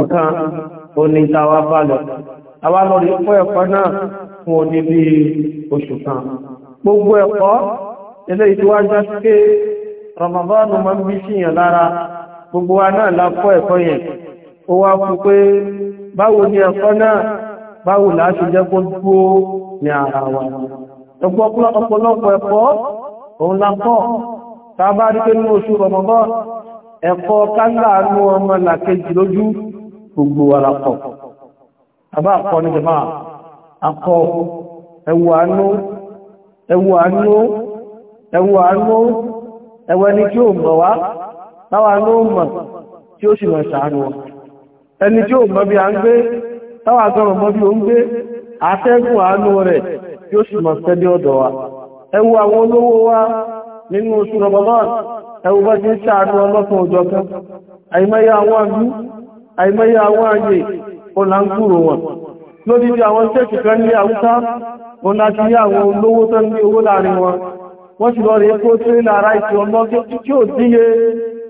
ọ̀kan òní ìtawà balọ̀. Àwa lọ rí fún ẹ̀kọ́ náà fún òní bí oṣù kan. Gbogbo ẹ̀kọ́ ilé ìtíwájá pé Ramadan ma ń bí síyàn lára gbogbo wa náà lápọ̀ ẹ̀kọ́ yẹn. Ó wá kú pé báwo ni ẹ̀kọ́ náà báwo láti jẹ́ kó ẹ̀kọ́ òun àánú ọmọ làkejì lójú gbogbo ara pọ̀ àbá àpọ̀ ní jẹmá àpọ̀ ẹwọ àánú ẹwọ àánú ẹwọ ẹni tí ó mọ̀ wá táwa ní ó mọ̀ tí ó sì mọ̀ sàánú ẹni tí ó mọ̀ bí a ń gbé táwa gọ́rọ̀ mọ́ bí ó ń gbé àtẹ́gùn àánú rẹ̀ tí ó sì mọ̀ sẹ́dí ọ̀dọ̀ wa àwọn olówó nínú oṣù bá ti ń sàánú òjọ̀kan àìmọye àwọn ààyè ọ̀làǹkúrò wọn lórí bí àwọn tẹ́kì kan ní àwúsá ọ̀nà ti àwọn olówó tán ní owó láàrin wọn wọ́n ti lọ rí kó tírélà ara ìtì ọlọ́gẹ́ tí ó díye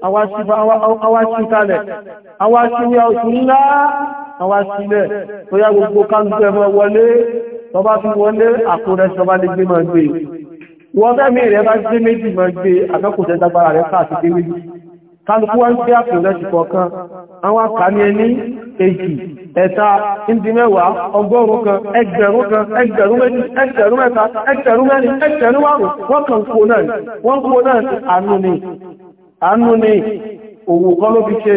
awáṣí kalẹ̀ awáṣí ní oṣù ńlá awáṣí lẹ̀ tó yá gbogbo kálùkù ẹmọ wọlé kálukú wá ń gbé àpò kan àwọn àkàní ní èjì ẹ̀ta ìdí mẹ́wàá ọgọ́rùn kan ẹgbẹ̀rún kan ẹgbẹ̀rún méjì ẹgbẹ̀rún mẹ́ta ẹgbẹ̀rún mẹ́rin ẹgbẹ̀rún márùn wọ́n kàn kó náà wọ́n kó náà àánú ni àánú ni òwò ló fi ṣe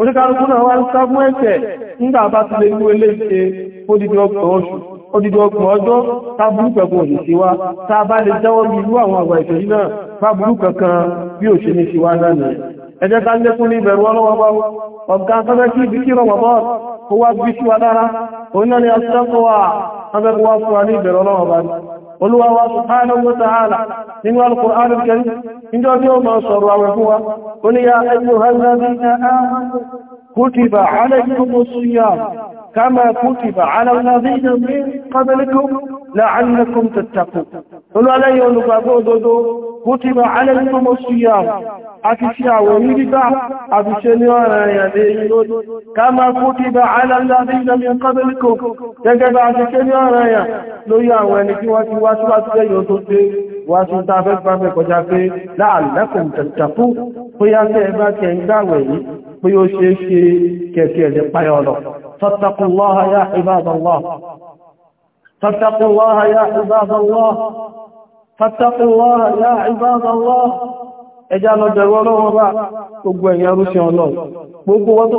oníkàrùkú náà wá ń sá fún ẹ̀ṣẹ̀ nígbà bá ti lè ní ilé ṣe ọjọ́ tábúrú pẹ̀kọ́ òní sí lè bí àwọn kankan bí ò ṣe ní sí wa lékún ní ìbẹ̀rù ọlọ́wọ́wọ́ ọ̀gá afẹ́fẹ́ ibi kí bọ́ ó wá a ti wà afẹ́fẹ́ olúwa wa subhanahu wa ta'ala nínú alkùnrin alìkẹrì níjọ́ tí ó mọ̀ sọ̀rọ̀ àwẹ̀ fún wa ó ní ya ayyuhal ladhina amanu kutiba alaykumus siyam kama kutiba ala alladhina min qablikum la'allakum tattaqun olólẹ́yìn olùgbàgbọ́ òdodo bó ti bá alẹ́lẹ́gbọ́mọ́ sí yà àti sí àwọ̀ ní dídá àti ṣe ní ọ̀rọ̀ ẹ̀yà lè yìí lórí ká máa kó ti bá alẹ́lẹ́gbọ́mọ́ pé ó ṣe é ṣe kẹ̀kẹ́ ẹ̀lẹ́pàá ọ̀lọ̀. Fattaqullaha ya ibadallah فاتقوا الله يا عباد الله فاتقوا الله يا عباد الله ẹjá lọ bẹ̀rọ ọlọ́run bá gbogbo ẹ̀yà rúṣẹ́ ọlọ́run gbogbo wọn tó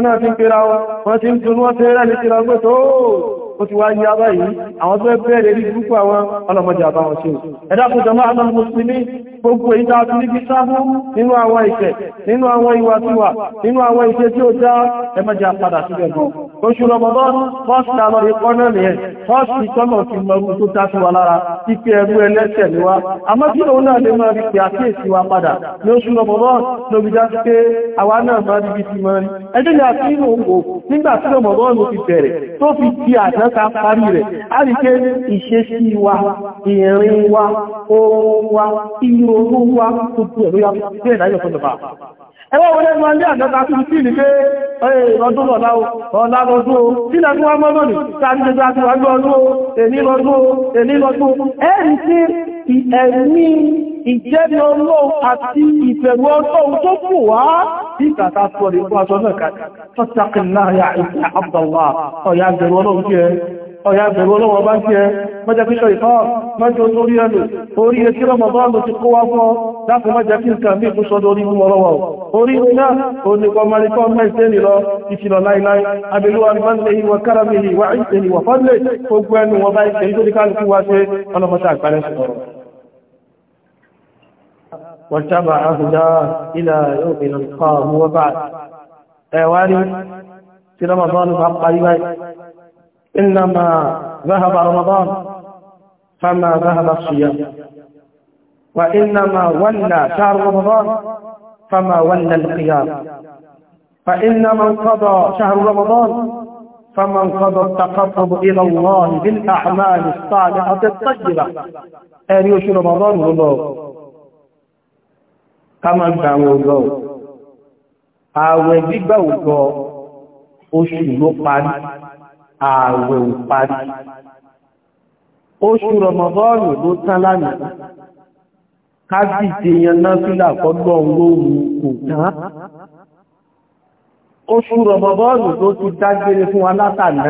àwọn náà ti ń pèrà wọn wọ́n ti ń tún wọ́n tẹ́ rẹ̀ ní tíra gbé tó ó ti wá yí abá yìí àwọn tó bẹ̀rẹ̀ rí púpọ̀ àwọn ọlọ́mọdé àbá wọn ṣe ẹ̀dá kò jọmọ́ àwọn mùsùlùmí gbogbo èyí tá a tún níbi sáfú nínú àwọn ìṣẹ̀ nínú àwọn ìwàkiwà nínú àwọn iṣẹ́ tí ó dá ẹmọ́jà padà síbẹ̀ gan oṣù Ramadan fọ́sì àwọn ikọ́ náà nìyẹn fọ́sì tọ́nà ti mọ̀rú tó tásí wa lára ipé ẹgbú ẹlẹ́sẹ̀ ni wá àmọ́ kí òun náà lè máa rí pé àkíyèsí wa padà ní oṣù Ramadan lóbi já sí pé àwa náà máa rí bí ti ni àti inú òǹkò ẹwọ́ wọlé wọn lé àjọta tí ó sì ní pé ọdún lọ́lá ọ̀lá lọ́dún o tí lẹ fún ọmọ lọ́nà tàbí jẹta tí wọ́n lọ́dún o èní lọ́dún o èní lọ́dún ẹ̀rí sí ẹ̀mí ìjẹ́bí ọlọ́run àti ìfẹ̀rù ọlọ́run tó kù wá ọ̀yà bẹ̀rẹ̀ ọlọ́wọ́ bá jẹ́ mọ́jẹ́ píṣọ́ ìfọ́ mọ́jẹ́ orí ẹlù orí etí rọmọdọ́ọ̀lù ti kó wá fọ́ dákùn mọ́jẹ́ kí nǹkan mí kú sọ́dọ̀ orí múmọ́ lọ́wọ́ orí náà oníkọ malikọ́ mẹ́sẹ̀lì lọ ìfìlọ̀ láìláì abẹ́lúwà mọ́lẹ̀yìn wọ káràmìlì wà ìsẹ̀lì wà fọ́lẹ̀ gbogbo ẹnu wọn bá ìsẹ̀lì tó ní kálukú wá ṣe ọlọ́mọta àgbàlẹ̀ sọ̀rọ̀ واتبع أهداه إلى يوم القام وبعد أواني إنما ذهب رمضان فما ذهب الصيام وإنما ولى شهر رمضان فما ولى القيام فإنما انقضى شهر رمضان فما انقضى التقرب إلى الله بالأعمال الصالحة الطيبة أن يوش رمضان ولو كما انتعوا الله أعوذ بوضع وشو قريب ààwẹ̀ ò parí oṣù rọmọbọ́ọ̀lù ló tán lánàá kábí ìdèyàn náà fílà kọ́gbọ́ olóòrùn kò tán oṣù rọmọbọ́ọ̀lù ló ti dágbére fún alátànà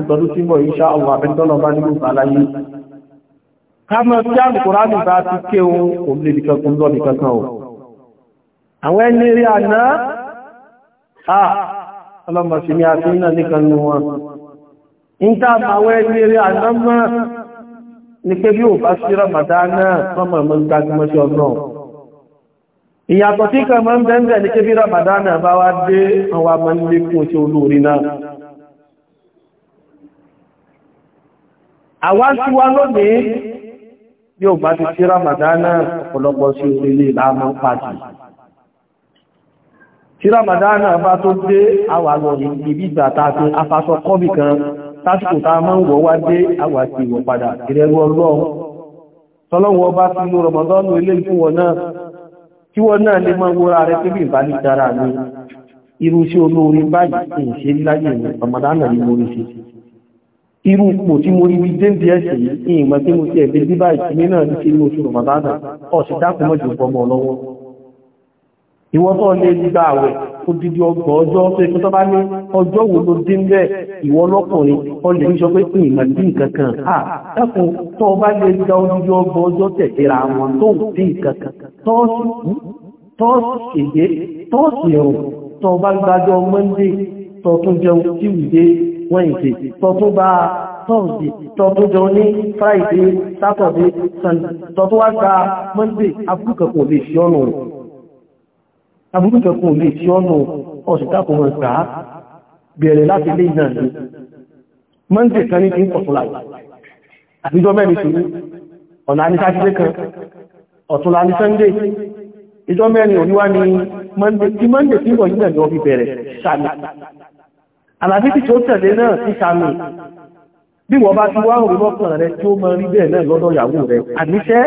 ìtọ́lú tí mọ̀ ìṣà ọwọ́ àbẹ́tọ́lọ́bá nínú ìbáláyé kámọ́ tí àlùkùránì bá ti ké ohun òmìnir ah, nìkan kún lọ ni a ti ń náà nìkan níta àbáwẹ́ ní eré àdámọ́ ní pé bí ò bá sí rọ̀mọ̀dá náà sọ́mọ̀ mọ́ gbájúmọ́ṣẹ́ ọ̀nà ìyàtọ̀ tí kan mọ́ ń bẹ́ẹ̀ ní pé bí rọ̀mọ̀dá náà bá wá dé àwọn amọ́lékún tí olóorí náà àwa ń tiwa lónìí bí ò bá ti sí rọ̀mọ̀dá náà ọ̀pọ̀lọpọ̀ sí orílẹ̀ ìlànà pàtì tí rọ̀mọ̀dá náà bá tó dé àwọn àlọ́ ìbí ìgbà tá a kọ́bì kan tásìkò tá a máa ń wọ̀ wá dé àwà ti wọ̀ padà ìrẹ̀rù ọlọ́run tọ́lọ́wọ́ bá fi ní rọmọdọ́nù ilé ìfún wọn náà kí wọ́n náà lè máa wúra rẹ pé bí ìbálẹ̀ dára ní irú sí olóorí báyìí ṣe láyé ní ọmọdánà ní mo rí ṣe irú ipò tí mo rí bí débi ẹ̀sẹ̀ yìí ìmọ̀ tí mo ti ẹ̀bí bí báyìí ní náà ní sí inú oṣù rọmọdánà ọ̀sẹ̀ dákùnmọ́jù bọmọ lọ́wọ́ ìwọ́n tó lè gba àwẹ̀ odidi ọgbọ̀n ọjọ́ tó ikú tó bá ní ọjọ́ wo ló dín bẹ́ẹ̀ ìwọ lọ́kùnrin ọlẹ̀ ní sọ pé pín ìmọ̀ dín kankan à dákun tó bá lè gba odidi ọgbọ̀n ọjọ́ tẹ̀tẹ̀ra àwọn tó dín kankan tọ́ọ̀sì hmm? èdè tọ́ọ̀sì ẹ̀rùn tó bá friday saturday sunday tó tún wá abúrúkẹkùn lè tí ọ̀nà ọ̀sìtàkùn rẹ̀ pàá bẹ̀rẹ̀ láti lè ìdàn ní mọ́ǹtẹ̀ kan ní kí n pọ̀tùlá àbíjọ́ mẹ́rin sí ọ̀nà ní kan ọ̀tùnlá ní sọ́ndé ìjọ mẹ́rin òníwá ni tí mọ́ǹtẹ̀ tí ń bọ̀ yìí náà ni wọ́n fi bẹ̀rẹ̀ sàmì àlàfíì tí ó bí wọ́n bá ti wá òun lọ́kàn rẹ tí ó máa rí bẹ́ẹ̀ náà lọ́dọ̀ ìyàwó rẹ àníṣẹ́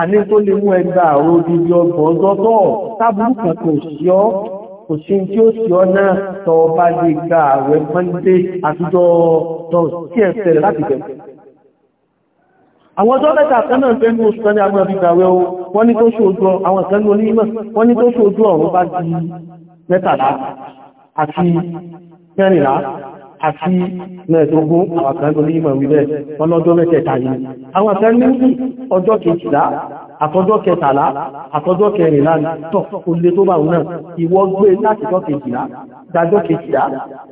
àní tó lè mú ẹgbà àrò odidi ọgbọ̀n lọ́dọ̀ tábùrù kan kò sí ọ́ kò sí tí ó sí ọ́ náà tọ́ ọba lè gba ààrẹ mọ́ndé àtijọ́ tọ́ sí ẹsẹ̀ rẹ̀ láti bẹ̀rẹ̀ àwọn ọjọ́ mẹ́ta kan náà fẹ́ ní oṣù kan ní àwọn ìgbàwẹ́ o wọ́n ní tó ṣojú àwọn kan ní onímọ̀ wọ́n ní tó ṣojú ọ̀run bá di mẹ́tàlá àti mẹ́rìnlá àti mẹ́ẹ̀dógún àwọn kan lórí ìmọ̀ ìwílẹ̀ wọn lọ́jọ́ mẹ́tẹ̀ẹ̀ta yìí àwọn kan ní ọjọ́ kejìlá àtọjọ́ kẹtàlá àtọjọ́ kẹrìnlá tọ̀ kò lè tó bá òun náà ìwọ gbé láti jọ́ kejìlá dájọ́ kejìlá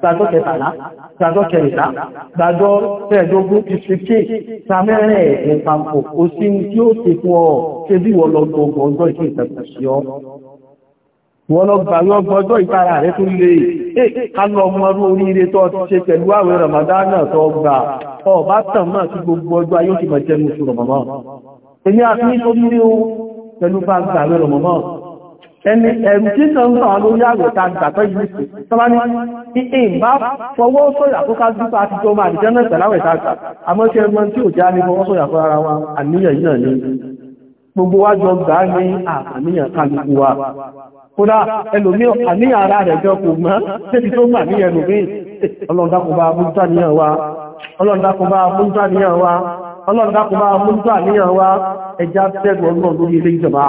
dájọ́ kẹtàlá dájọ́ kẹrìnlá dájọ́ mẹ́ẹ̀dógún ìṣẹ́kẹ́ samẹ́rẹ̀ ẹ̀pàpọ̀ kò sí tí ó ti fún ọ wọ́n lọ gbà yọ gbọ́jọ́ ìtara rẹ̀ tó lè eh, eh, kálọ ọmọrú oríire tó ti ṣe pẹ̀lú àwẹ̀ ramadana tó gbà ọba tàn máa sí gbogbo ọjọ́ ayé òsì mọ̀jẹ́ ní oṣù rọ̀mọ̀mọ́ èmi àti ní oríire o pẹ̀lú bá gbà àwẹ̀ rọ̀mọ̀mọ́ ẹni ẹ̀rù tí sọ ń sọ àwọn lórí àwẹ̀ ta gbà pẹ́ yìí tọ́ba ní ìhè bá fọwọ́ sọ̀yà tó ká ni gbogbo wa jọ gbà ní àníyàn kálukú wa kódà ẹlòmí àníyàn ara rẹ̀ jọ kò mọ́ tẹ́bí tó mà ní ẹlòmí ọlọ́ndàkùnbà múntàníyàn wa ọlọ́ndàkùnbà múntàníyàn wa ọlọ́ndàkùnbà múntàníyàn wa ẹjá tẹ́gbọ̀ ọlọ́ lórí ilé ìjọba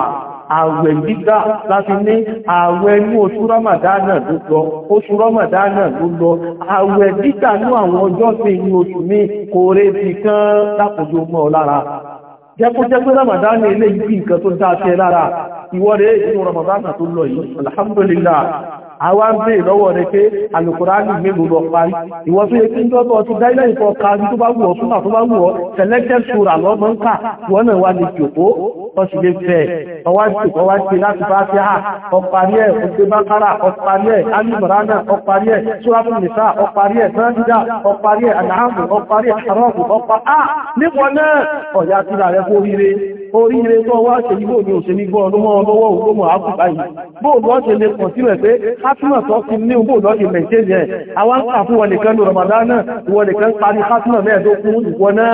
àwẹ̀ gbígbà láti ní àwẹ̀ ní oṣù ramadana ló lọ oṣù ramadana ló lọ àwẹ̀ gbígbà ní àwọn ọjọ́ sí inú oṣù ní kò rẹ̀ bì lápòjò mọ́ lára jẹ́kújẹ́kú ramadan ilé yìí nǹkan tó ń tàṣẹ lára ìwọ́de inú ramadan tó lọ yìí alhamdulillah àwa ń bèèrè lọ́wọ́ rẹ̀ pé alùkùránì mélòó lọ parí ìwọ́n tó yẹ kí ń tọ́tọ̀ ti dáílẹ̀ ìfọ̀ kárí tó bá wù ọ́ súnà tó bá wù ọ́ selected sura lọ́mọ ń kà wọ́n náà wà lè jòkó wọ́n sì lè fẹ́ ọwá sì ọwá sí láti bá sí à ọparí ẹ̀ ògbé bákárà ọparí ẹ̀ alimọ̀ránà ọparí ẹ̀ súrátù ọparí ẹ̀ sàndídà ọparí ẹ̀ àdáhàmù ọparí ẹ̀ àrọ́ọ̀bù ọpa oríire tó wá ṣe yíbò ní òṣèlú gbọ́ ọlọ́mọ ọlọ́wọ́ ògbómọ àkùbá yìí bóòlù ọ̀ṣẹ̀ lè kàn sílẹ̀ pé hátùmọ̀ tó ti ní bóòlù ọ̀ṣẹ̀ mẹ̀tẹ́lì ẹ̀ àwọn kàfú wọn nìkan ní Ramadan wọn nìkan parí hátùmọ̀ mẹ́ẹ̀ẹ́dógún ìwọ náà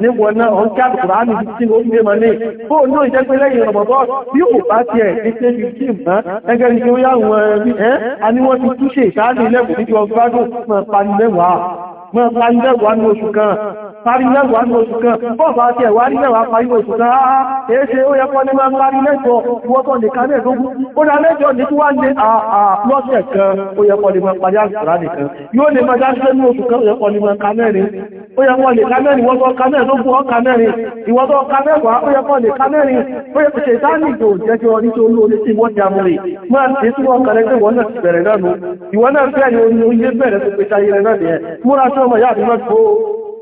náà ní Ramadan bí kò bá tiẹ̀ ní ṣe fi parí lẹ́wàá ní oṣù kan bọ́ọ̀bá àti ẹ̀wà ní lẹ́wàá parí oṣù kan áá ah, èéṣe ó yẹ kọ́ ní máa ń parí lẹ́jọ́ wọ́pọ̀ nìkan mẹ́ẹ̀dógún ó dá lẹ́jọ́ ní tí wá ní àlọ́sẹ̀ ah, ah, kan ó yẹ kọ́ ní máa parí àṣìṣàrá nìkan yóò lè máa dáṣẹ́ ní oṣù kan ó yẹ kọ́ ní máa ka mẹ́rin ó yẹ kọ́ lè ka mẹ́rin wọ́n tó ka mẹ́ẹ̀dógún ọ̀ka mẹ́rin ìwọ́n tó ka mẹ́wàá ó yẹ kọ́ lè ka mẹ́rin ó yẹ kọ́ ṣètánì tó jẹ́ jọ ní tó lóore sí wọ́n ti amúre máa ń tẹ́sí wọ́n kan lẹ́gbẹ̀ẹ́ wọ́n náà ti bẹ̀rẹ̀ náà nù ìwọ́n náà fẹ́ ni oyin bẹ̀rẹ̀ tó pe sáyé rẹ̀ náà nìyẹn múra sọ́mọ yáà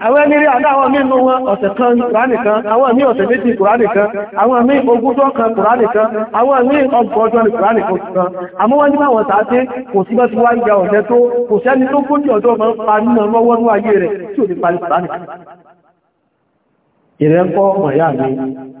àwọn ẹnìrí àdáwọn mímú wọn ọ̀sẹ̀ kan kùránì kan àwọn mí ọ̀sẹ̀ méjì kùránì kan àwọn mí ogúnjọ́ kan kùránì kan àwọn mí ni kùránì kan àmọ́ wọ́n tààtí kò sí bá ti wá ọ̀sẹ̀ tó kò sẹ́ni tó kó ní ọjọ́ pa nínú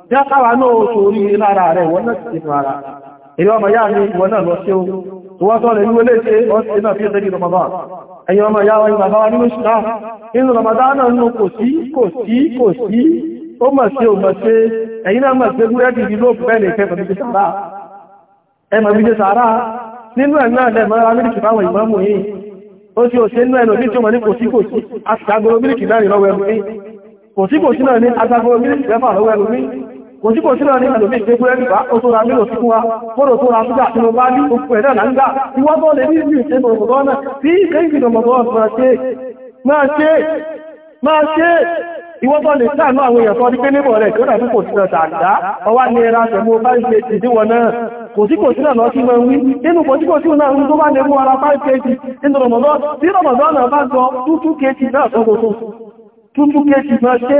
yá káwà náà oṣù oríire lára rẹ̀ wọ́n náà ti fún ara èrè ọmọ yá ní ìwọ̀n náà lọ sí ohun tó wọ́n sọ́rọ̀ ní olè ṣe ọ́sẹ̀ náà fi ṣẹ́gì Ramadan ẹ̀yìn ọmọ yá wọn bàbá Ramadan ní lóòpù náà kò sí kò sí náà ní mílìkì lẹ́fà lọ́wọ́ kò sí ní ẹlòmí ìgbégbé ẹgbà ó mílò sí fún wa fọ́rọ̀ tó ra nígbà tí mo bá ní gbogbo ẹ̀dà láńgbà tí wọ́n bọ́ lè ní ìlú ìṣẹ́gbò ọmọdọ́ náà tí ìṣẹ́ ìgbìmọ̀ ọmọdọ́ máa ṣe máa ṣe ìwọ́tọ́ lè sáànú àwọn èèyàn tó ní pé níbọ̀ rẹ̀ tó dàbí kò sí ọ̀tà àdá ọwá ní ẹra tẹ̀mú bá ń ìdíwọ̀ náà kò sí kò sí náà lọ́sí mọ́ wí nínú kò sí kò sí náà ń tó bá lè mú ara 5 kg nínú rọmọdọ́ tí rọmọdọ́ náà bá gọ 2 kg náà tọ́gbọ̀tún 2 kg náà ṣe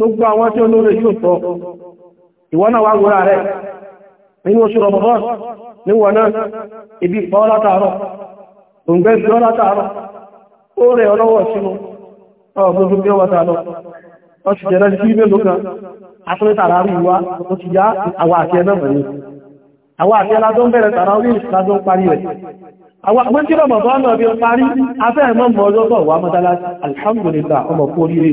gbogbo àwọn tí olóore yóò sọ ìwọ náà wá wúra rẹ̀ nínú oṣù Ramadan níwọ̀ náà ibi ìpọ́ látàárọ̀ òǹgbẹ́ ìjọ látàárọ̀ ó rẹ̀ ọlọ́wọ̀ sínú ọgbogbo bí ọwọ́ tààlọ́ wọ́n ti jẹ́rẹ́ sí ilé lókan asúnlẹ̀ tààrí ìwá tó ti já àwọn àti ẹ̀nà mẹ́rin àwọn àti ẹládọ́ bẹ̀rẹ̀ tààrí ìsìlájọ́ parí bọ́ọ̀nà bí parí afẹ́ ẹ̀mọ́ mọ́ ọjọ́ bọ̀ wà mọ́dálá alhamdulillah ọmọ kóríire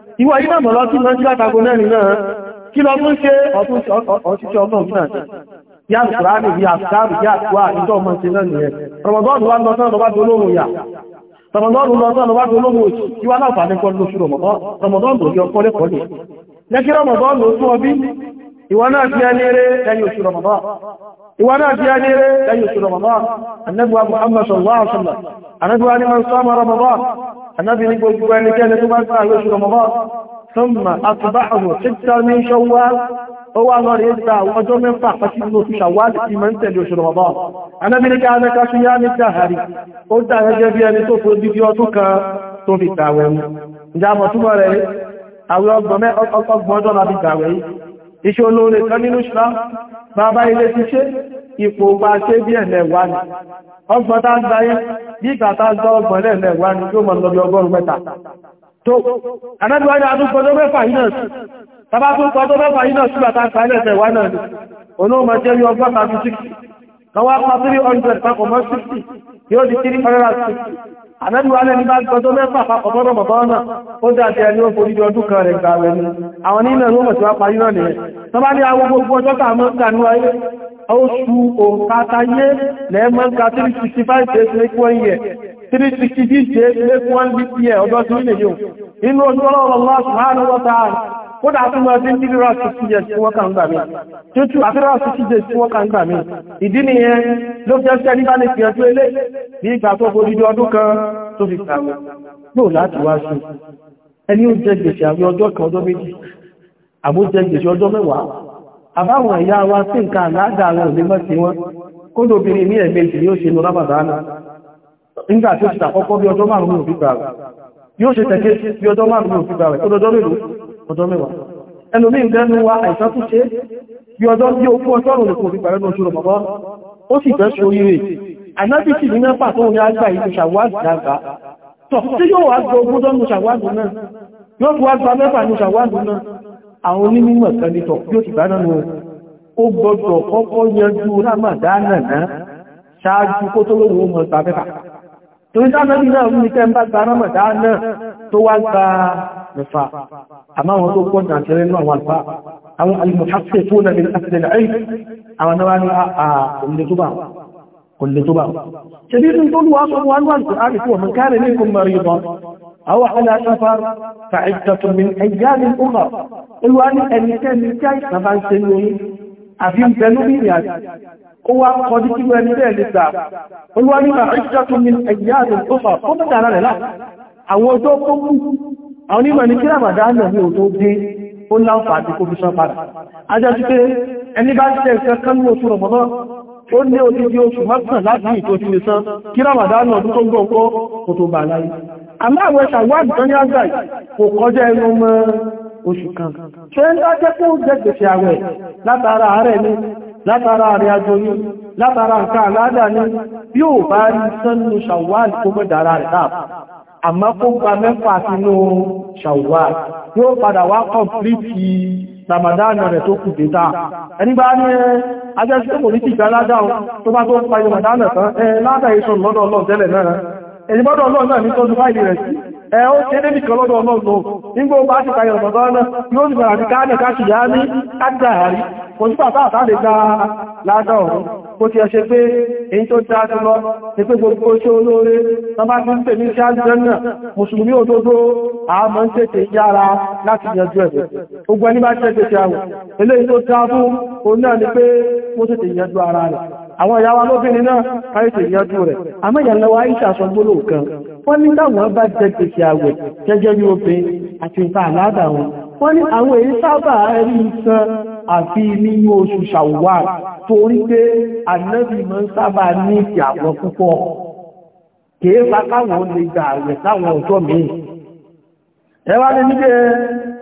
ìwọ iná mọ̀lọ́ tí lọ sí látago mẹ́rin náà kí lọ tún ṣe ọ̀tíṣẹ́ ọlọ́run náà bí àtùkùránì bí àtùkùránì bí àtùkùrá àtijọ́ ọmọ ṣe náà nìyẹn rọmọdọ́ọ̀nù wá lọ sọ́nà lọ́bá dolóhùn yà rọmọdọ́ọ̀nù lọ sọ́nà lọ́bá dolóhùn òjì tí wá láǹfà ní kọ́lù lóṣù rọmọdọ́ọ̀nù òjì ọkọ́ lẹ́kọ́ lè lẹ́kí rọmọdọ́ọ̀nù ó tún ọbí ìwọ náà fi ẹni eré ẹni oṣù rọmọdọ́ọ̀nù وانا جاني لا يسر رمضان النبوة محمد صلى الله عليه وسلم النبوة لمن صام رمضان النبي نقول جواني كان يقول يسر رمضان ثم أصبحه ستة من شوال هو أمر يدفع وأجر من صحبة منه في شوال في منزل يسر رمضان أنا بنك أنا كشيان الدهري قلت أنا جابي أن تفرد فيديوتك تفي التعوين جامعة مرأي أو يضمع أطلق مجرى بالتعوين iṣẹ́ olóore kan nínú ṣlá bàbá ilé ṣiṣẹ́ ipò bá ṣe bí ẹ̀lẹ̀wà ni ọgbọ̀n tá ń dáyé bí ìgbàta ń dọ́ ọgbọ̀n lẹ́ẹ̀lẹ̀wà ni yóò mọ̀ lọ́bí ọgọ́rùn mẹ́ta tó anábíwá ní àtúnkọjọ́ mẹ́fà yìí náà sí tàbá tún kọjọ́ mẹ́fà yìí náà sí bàtà ìpàlẹ̀ẹ̀lẹ̀wà náà ni olóòmọ̀ jẹ́ bí ọgbọ́n Àmẹ́lú alẹ́ ní bá gbọ́dọ̀ mẹ́fà papọ̀ bọ́nà bàbá ọ̀nà ó dáadé ẹni ó foríjọ ọdún kan rẹ̀ gbà rẹ̀ ní. Àwọn nínú ẹ̀rọ mọ̀ tí wá parí náà nìyẹn. Tọ́ bá ní àwọn gbogbo ọjọ́ tàà mọ́ ìgbà ní ayé, ó su òǹkà táyé lẹ́ẹ̀mọ́ ń ka 365 days lẹ́kún ẹ̀yẹ, 360 inú ojú ọlọ́rọ̀ Allah subhanahu wa ta'ala kódà tún lọ sí tírírà sí jẹ́ sí wọ́n kàn gbà mí tútù àtírà sí jẹ́ sí gbà mí ìdí nìyẹn ló ní kan tó fi yóò láti wá sí ẹni ó gbèsè àwọn ọjọ́ kan ọjọ́ méjì àbó gbèsè ọjọ́ mẹ́wàá àbáwọn ẹ̀yà wa sí nǹkan àwọn mọ́ sí wọn kódà obìnrin ní ẹ̀mẹ́jì ni ó yóò ṣe tẹ̀kẹ́ bí ọjọ́ márùn-ún òfin gbà rẹ̀ ọjọ́ mélòó ọjọ́ mẹ́wàá ẹnu ní ìgbẹ́nu wa àìsàn tún ṣe bí ọjọ́ bí ó fún ọjọ́ òrùn òfin gbà rẹ̀ lóṣù rẹ̀ bàbá ó sì fẹ́ ṣe oríire ànábì sì ní mẹ́fà tó ní àgbà ìlú ṣàwádìí àgbà tọ̀ tí yóò wá gba ogún dọ́nu ṣàwádìí náà yóò fi wá gba mẹ́fà ní ṣàwádìí náà àwọn onímọ̀ kan ní tọ̀ yóò ti gbáná nù ó gbọdọ̀ kọ́kọ́ yanjú rámàdánà náà ṣáájú kó tó lóhun ọmọ ìgbà mẹ́fà torí sáàmẹ́bí náà ní tẹ́ ń bá gba rámọ̀dá náà tó wá gba nìfà àmá wọn tó pọ̀jù àti rẹ̀ náà wà pa àwọn alìmọ̀háṣẹ́ tó nà ní àṣìlẹ̀ àì àwọn náà ní àkùnlé ah, ah, tó bá kùnlé tó bá ṣebí tún tó lù wá sọ wọn wà tó àrí fún ọmọ káàrẹ̀ ah, ní kùn mọ̀rí bọ́ àwọn aláṣafar fàìtàtùn min ẹ̀yà ní ọmọ ìwà ní ẹnikẹ́ni tí àìsàn bá ń ṣe lóyún àfi ń bẹnu bí ìrìn àjò ó wá kọ́ ní kí wọ́n ẹgbẹ́ lè gbà olúwa nígbà ìjọ́tún ní ẹ̀yà àdùn tó fà fún mẹ́ta rẹ̀ láà àwọn ọjọ́ tó mú àwọn onímọ̀ ní kíra màdánà ní òtó dé ó láǹfà àti kó fi sán padà ajájú pé ẹni bá jẹ́ ìfẹ́ kán ní oṣù rọ̀mọ́nà ó ní odidi oṣù mọ́kàn láti ìtò ti lè san kíra màdánà ọdún tó ń gbọ́n kọ́ tó bà láyé àmọ́ àwọn ẹ̀ṣà wà nìkan ní àgbà kò kọjá ẹnu mọ́ oṣù kan ṣe ń dájẹ́ pé ó jẹ́ àwẹ̀ látara àárẹ̀ ni látara àrẹ àjò yìí látara nǹkan àládà ní bí ò bá rí sánú ṣàwàlì tó mọ́ dára rẹ̀ dáàbù àmọ́ kó gba mẹ́fà sínú ṣàwàlì yóò padà wá kọ̀m̀plìtì ramadana rẹ̀ tó kù dẹ́ta ẹni bá ní ajẹ́sẹ́ pòlítìkà ládà tó bá tó ń pa ramadana tán ẹ ó ṣe débi kan lọ́dọ̀ ọlọ́gbọ̀n nígbò bá ti kayọ̀ ọ̀gbọ̀n náà yóò ti bẹ̀rẹ̀ àdíká ní káṣì yá ní àdáàrí kò sí pàtà àtàlẹ̀ gba ládà ọ̀rọ̀ kò ti ẹṣẹ́ pé èyí tó dá ti lọ ní pé gbogbo ṣe olóore tọ́bá ti ń pè ní ṣáàjẹ́nà mùsùlùmí òdodo àmọ́ ń tètè yára láti yanjú ẹ̀rẹ̀ ogun ẹni bá tẹ́tẹ̀ ti àwọ̀ eléyìí tó dá fún òun náà ni pé mo tètè yanjú ara rẹ̀ àwọn ìyá wa lóbìnrin náà káyẹ̀tẹ̀ yanjú rẹ̀ àmọ́ ìyànlẹ́wà ìṣàṣọ́gbólò kan wọ́n ní táwọn bá jẹ gbèsè àwẹ̀ gẹ́gẹ́ bí obìnrin àti nǹkan àládà wọn wọ́n ní àwọn èyí sábà rí nǹkan àfi nínú oṣù ṣàwùwà torí pé ànábì máa ń sábà ní ìsì àwọn púpọ̀ kìí fa káwọn lè gbà àwẹ̀ táwọn ọjọ́ míì ẹ wá ní níbi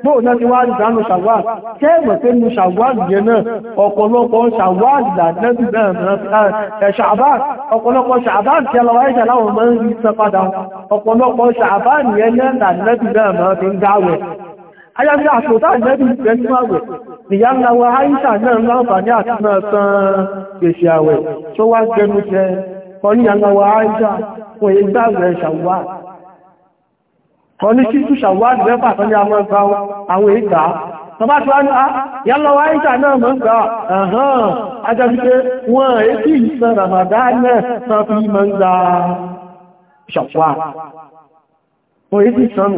bóò náà ti wá ìdánù ṣàwáàlì kẹ́ẹ̀mọ̀ pé nu ṣàwáàlì yẹn náà ọ̀pọ̀lọpọ̀ ṣàwáàlì làdẹ́bì náà ṣàbáàlì ọ̀pọ̀lọpọ̀ ṣàbáàlì kí ẹlọ́wọ́ ẹ̀ṣẹ̀ láwọn ọmọ ń rí sẹ́padà ọ̀pọ̀lọpọ̀ ṣàbáàlì yẹn náà làdẹ́bì náà máa fi ń dáwẹ̀ ayábí àṣòtá ìlẹ́bí ìgbẹ́sùn àwẹ̀ ìyá ńlá wa Aisha náà láǹfààní àti náà tán gbèsè àwẹ̀ tó wá gẹnu jẹ kọ́ ní ìyá ńlá wa Aisha kò yẹ gbàgbẹ̀ kan ní ṣíṣù ṣàwádìí mẹ́fà tán ní a máa àwọn ìgbà tọba ah, tí wọ́n ní a yálọ́wà ìgbà náà mọ́ gbà ẹ̀hàn ajọ́síké wọ́n èsì ìsan Ramadan tán fi mọ́ ń gba ṣọ̀pọ̀ wọ́n èsì ìsan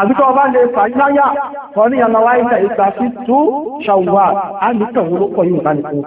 àbíkọ́ ọba lè fàyíláyà kan ní yálọ́wà ìgbà ìgbà sí tú ṣàwádìí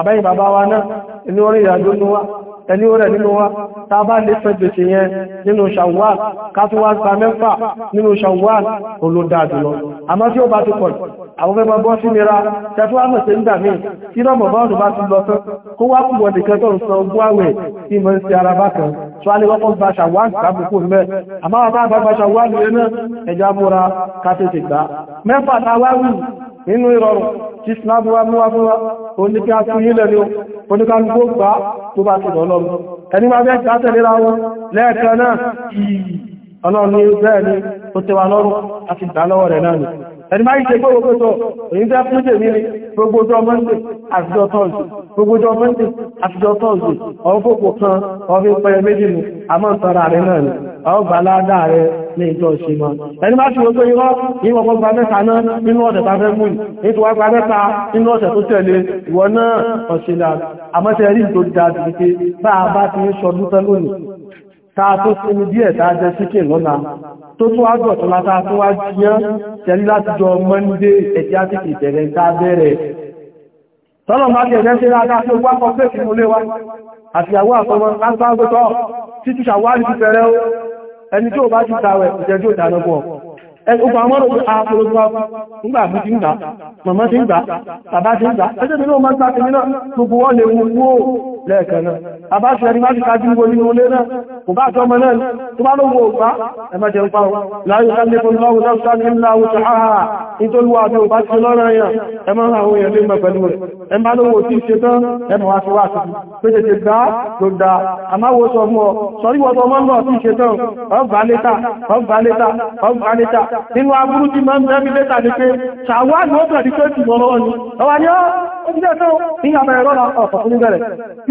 àbáyìn bàbá wa náà inú orí ìrìnàjò ní wá ẹni ó rẹ̀ nínú wa tá bá lè fẹ́ gbèsè yẹn nínú ṣàwọ́n káfíwá sa mẹ́fà nínú ṣàwọ́n olódáàdù lọ àmọ́ tí ó bá ti pọ̀ àwọn ẹgbẹ́ bọ́ sí nira tẹ́fún àmọ̀ sí nígbà míì tí lọ́mọ̀ bá ọdún bá ti lọ tán kó wá púpọ̀ nìkan tó ń san ogún àwẹ̀ tí mo ń ṣe a lè kọ́kọ́ gba ṣàwọ́n sábùkù mẹ́ àmọ́ àwọn bá gba ṣàwọ́n lè náà nínú ìrọ̀rùn tí snabu wa mú wá fún wa o ní kí a tún yílẹ̀ ní oníkàlùkò gbá tó bá ti lọ́lọ́rùn ẹni máa bẹ́ẹ̀ tàtẹ̀lera wọn lẹ́ẹ̀kan náà ọlọ́run ní bẹ́ẹ̀ ni ó tẹ́wà lọ́rùn àti ìdálọ́wọ̀ rẹ̀ náà ẹni máa ń ṣe gbogbo tó èyí tẹ́ fún jèmí ní gbogbo tó mọ́ndé àtijọ́ tọ́ọ̀sì gbogbo tó mọ́ndé àtijọ́ tọ́ọ̀sì ọgbogbo kan ọmọ ìpẹyẹ méjì ní àmọ́ ìtara rẹ̀ náà ni ọgbà ládá rẹ̀ ní ìjọ ṣe mọ́ ẹni máa ṣe gbogbo irọ́ ìwọ̀ gbogbo mẹ́ta náà nínú ọ̀sẹ̀ tá fẹ́ mú ètò agbá mẹ́ta nínú ọ̀sẹ̀ tó tẹ̀lé ìwọ náà ọ̀ṣẹ̀lá àmọ́ṣẹ́ rí tó dáa jù pé bá a táa tó sinmi díẹ̀ táa jẹ síkè lọ́nà tó tó ágbọ̀tún látà tó wá jíyán tẹ̀lé láti jọ mọ́ndé ẹ̀tí àtìkì ìtẹ̀rẹ̀ táa bẹ̀rẹ̀ tọ́lọ̀ máa kẹ̀ẹ́ ṣe látà tó wá kọ́ pé fún olé wa àti àwọn àtọmọ látàgbẹ́tọ́ títí ṣàwárí ti fẹ́rẹ́ ẹni tí ó bá ti tàwẹ̀ ìjẹ́ tí ó tà lọ́pọ̀ Ẹgbùgbà mọ́rọ̀ pé àpòlògbà ńgbà mú ti ń gbà, màmá ti ń gbà, bàbá ti ń gbà, ẹjẹ́ mi náà máa ń gbà tèmi náà, gbogbo wọ́n lè wú wó lẹ́ẹ̀kan náà abáṣẹ́ ẹni máa ti kájú gbogbo nínú ilé náà kò bá jọ ọmọ náà tó bá ló wo òpá ẹmọ jẹun pa wọn láyé sáńdé kò lọ́wọ́ náà sáńdé ńlá oṣù àhà nítorí wà ní òpá ti lọ́rọ̀ yàn ẹmọ àwọn èèyàn lè mọ̀ pẹ̀lú rẹ̀ ẹmọ ló wo tí ṣe tán ẹmọ wá sí wá sí pé tètè dá tó dá àmá wo sọ mọ́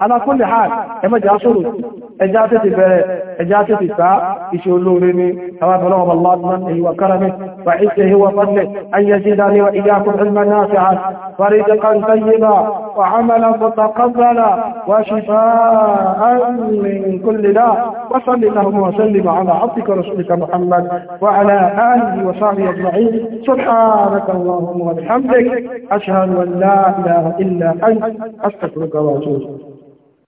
على كل حال اما جاسور شروط اجازه البلد اجازه الساعه يشولوني كما بلغ الله منه وكرمه وعزه وفضله ان يزيدني واياكم علما نافعا ورزقا طيبا وعملا متقبلا وشفاء من كل داء وصل اللهم وسلم على عبدك ورسولك محمد وعلى اله وصحبه اجمعين سبحانك اللهم وبحمدك اشهد ان لا اله الا انت استغفرك واتوب اليك